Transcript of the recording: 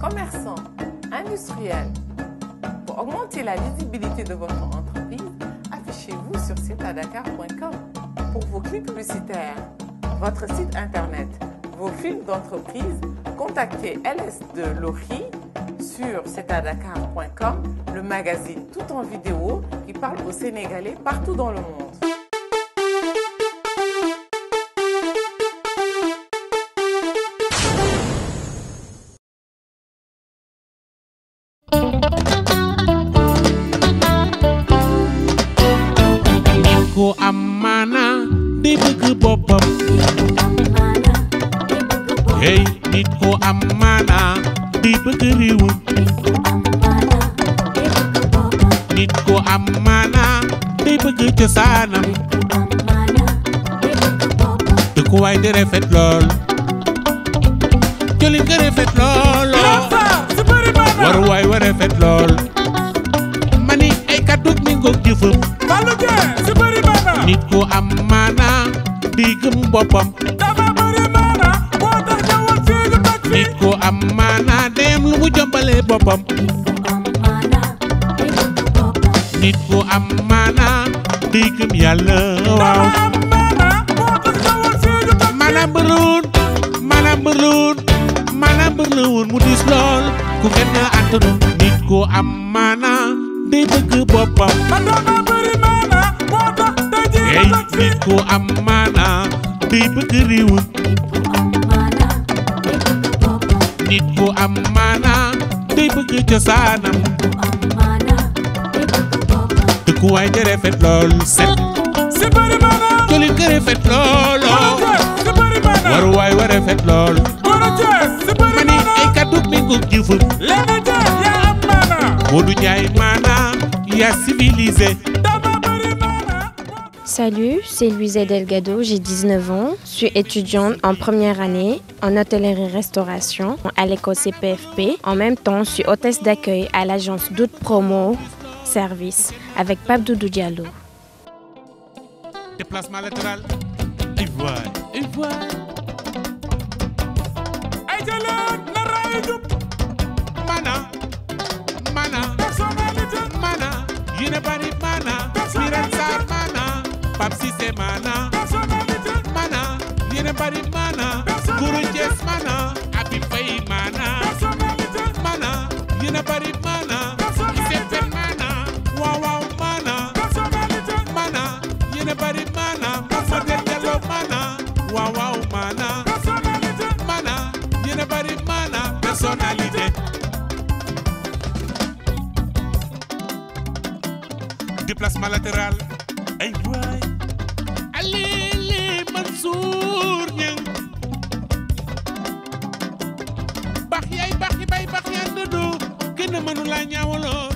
commerçants, industriels. Pour augmenter la visibilité de votre entreprise, affichez-vous sur CETADAKAR.COM pour vos clips publicitaires, votre site internet, vos films d'entreprise. Contactez LS de Lori sur cetadakar.com, le magazine tout en vidéo qui parle aux Sénégalais partout dans le monde. ku am maana di bëgg boppam hey nit ku am maana di bëgg réewam nit ku am maana di bëgg cosaanam dëkkuwaay di rafet lool jolin nga lool waruwaay wa rafet lool mani ay kàddu ni ngoog jëfam Fallou si bëri maana nit ku am maana di gëm boppam dafa bëri maana moo tax ñëwal fii nit ku am maana dem lu mu jombalee boppam nit ku am maana di gëm yàlla waaw maanaam bëriwul maanaam bëriwul maanaam bëriwul mu dis lool ku kenn ku am maana day lool set si bëri maana colin ga rafet lool waruwaay wa rafet lool Salut, c'est Luisa Delgado, j'ai 19 ans, je suis étudiante en première année en hôtellerie-restauration à l'école CPFP. En même temps, je suis hôtesse d'accueil à l'agence Doute Promo Service avec Pape Doudou Diallo. Pape Cissé mana mana yéen bari mana Guru Thiès mana Habib Faye mana mana yéen bari mana Sepen mana waaw waaw mana mana yéen bari mana Fodé Diallo mana waaw waaw mana mana yéen bari mana personnalité déplacement latéral ay waay ne mënu la ñaawaloo